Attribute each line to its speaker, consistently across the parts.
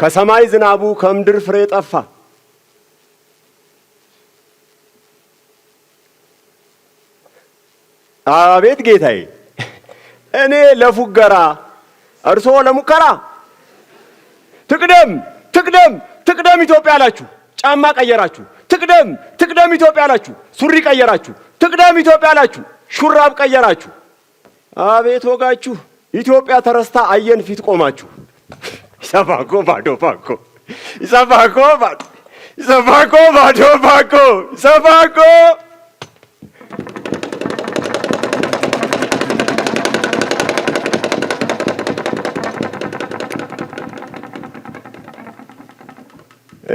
Speaker 1: ከሰማይ ዝናቡ ከምድር ፍሬ ጠፋ። አቤት ጌታዬ፣ እኔ ለፉገራ እርሶ ለሙከራ። ትቅደም ትቅደም ትቅደም ኢትዮጵያ አላችሁ፣ ጫማ ቀየራችሁ። ትቅደም ትቅደም ኢትዮጵያ አላችሁ፣ ሱሪ ቀየራችሁ። ትቅደም ኢትዮጵያ አላችሁ፣ ሹራብ ቀየራችሁ። አቤት ወጋችሁ! ኢትዮጵያ ተረስታ አየን ፊት ቆማችሁ ኢሰባኮ ባዶ ባዶ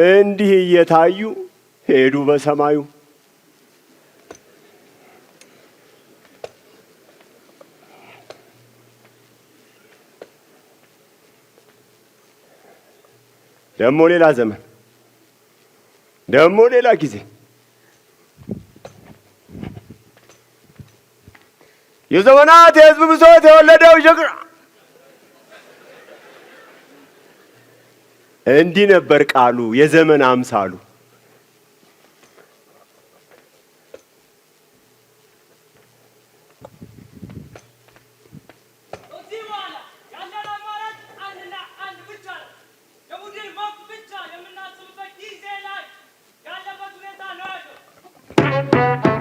Speaker 1: እንዲህ እየታዩ ሄዱ በሰማዩ ደግሞ ሌላ ዘመን ደግሞ ሌላ ጊዜ የዘመናት የህዝብ ብሶት የወለደው ችግር እንዲህ ነበር ቃሉ የዘመን አምሳሉ። Thank you.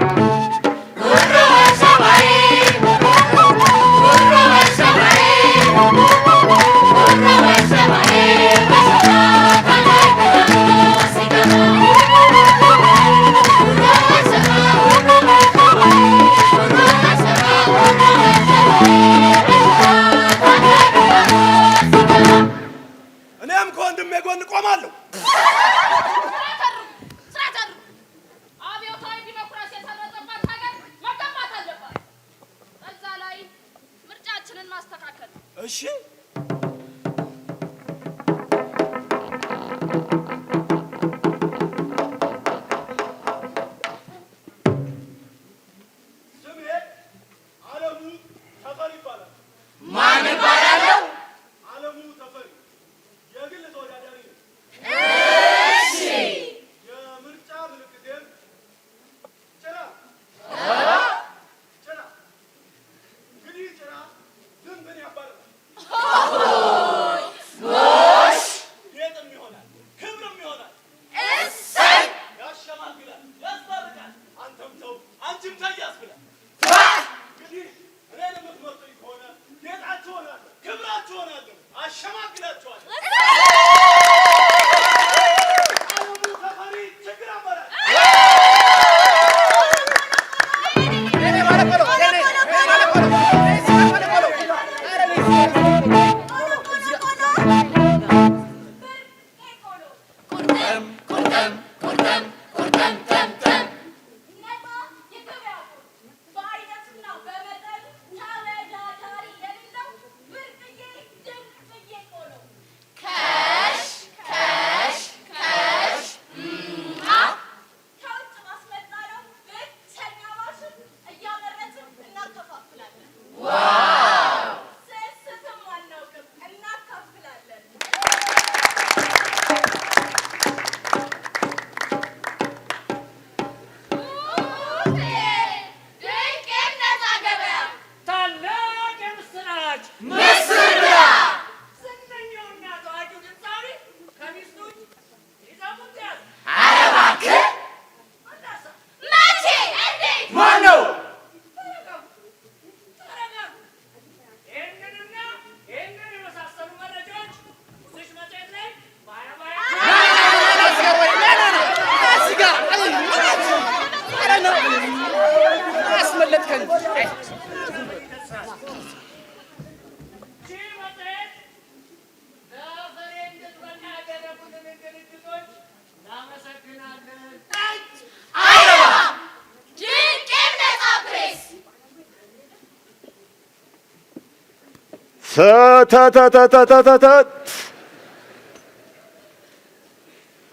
Speaker 2: ሰተተተተተተት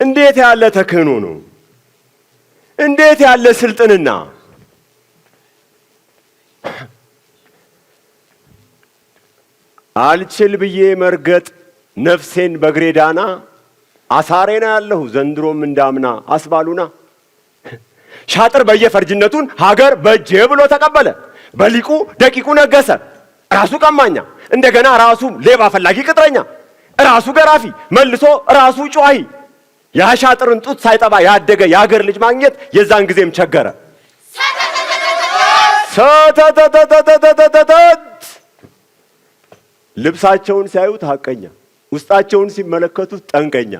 Speaker 2: እንዴት ያለ ተክህኖ ነው! እንዴት ያለ ስልጥንና! አልችል ብዬ መርገጥ ነፍሴን በግሬዳና ዳና አሳሬና ያለሁ ዘንድሮም እንዳምና አስባሉና ሻጥር በየፈርጅነቱን ሀገር በእጄ ብሎ ተቀበለ። በሊቁ ደቂቁ ነገሰ። ራሱ ቀማኛ፣ እንደገና ራሱ ሌባ ፈላጊ ቅጥረኛ፣ ራሱ ገራፊ፣ መልሶ ራሱ ጨዋሂ። የአሻጥርን ጡት ሳይጠባ ያደገ የአገር ልጅ ማግኘት የዛን ጊዜም ቸገረ። ልብሳቸውን ሲያዩት ሀቀኛ ውስጣቸውን ሲመለከቱት ጠንቀኛ።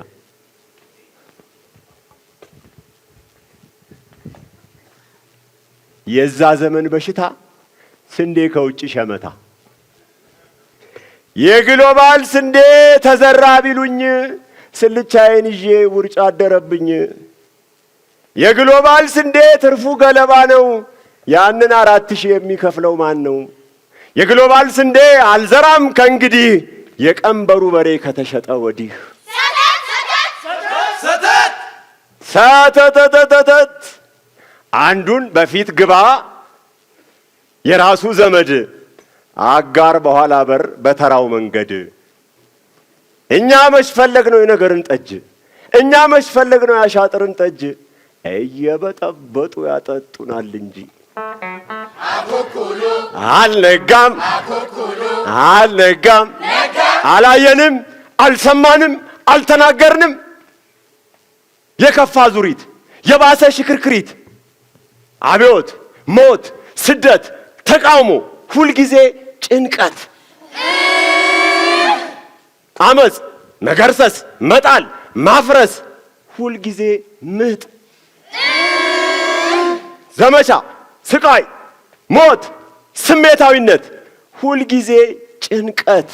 Speaker 2: የዛ ዘመን በሽታ ስንዴ ከውጭ ሸመታ የግሎባል ስንዴ ተዘራ ቢሉኝ ስልቻዬን ይዤ ውርጫ አደረብኝ። የግሎባል ስንዴ ትርፉ ገለባ ነው። ያንን አራት ሺህ የሚከፍለው ማን ነው? የግሎባል ስንዴ አልዘራም ከእንግዲህ የቀንበሩ በሬ ከተሸጠ ወዲህ ሰተተተተተት አንዱን በፊት ግባ የራሱ ዘመድ አጋር በኋላ በር በተራው መንገድ እኛ መሽፈለግ ነው የነገርን ጠጅ እኛ መሽፈለግ ነው ያሻጥርን ጠጅ እየበጠበጡ ያጠጡናል እንጂ አልነጋም አልነጋም አላየንም አልሰማንም አልተናገርንም። የከፋ ዙሪት የባሰ ሽክርክሪት አብዮት፣ ሞት፣ ስደት፣ ተቃውሞ ሁልጊዜ ጭንቀት፣ አመፅ፣ መገርሰስ፣ መጣል፣ ማፍረስ፣ ሁልጊዜ ምጥ፣ ዘመቻ፣ ስቃይ፣ ሞት፣ ስሜታዊነት፣ ሁልጊዜ ጭንቀት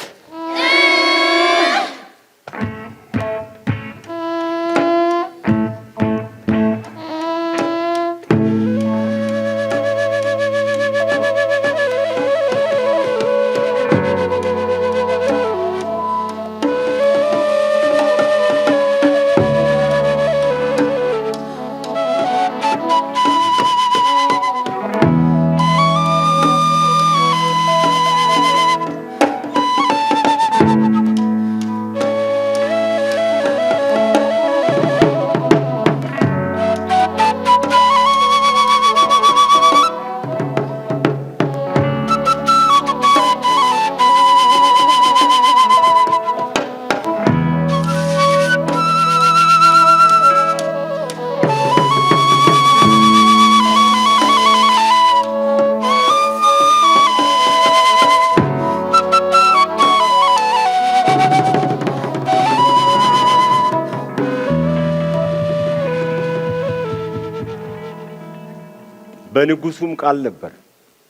Speaker 2: በንጉሱም ቃል ነበር፣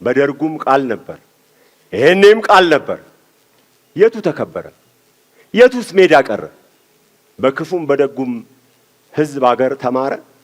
Speaker 2: በደርጉም ቃል ነበር፣ ይሄኔም ቃል ነበር። የቱ ተከበረ? የቱስ ሜዳ ቀረ? በክፉም በደጉም ህዝብ አገር ተማረ።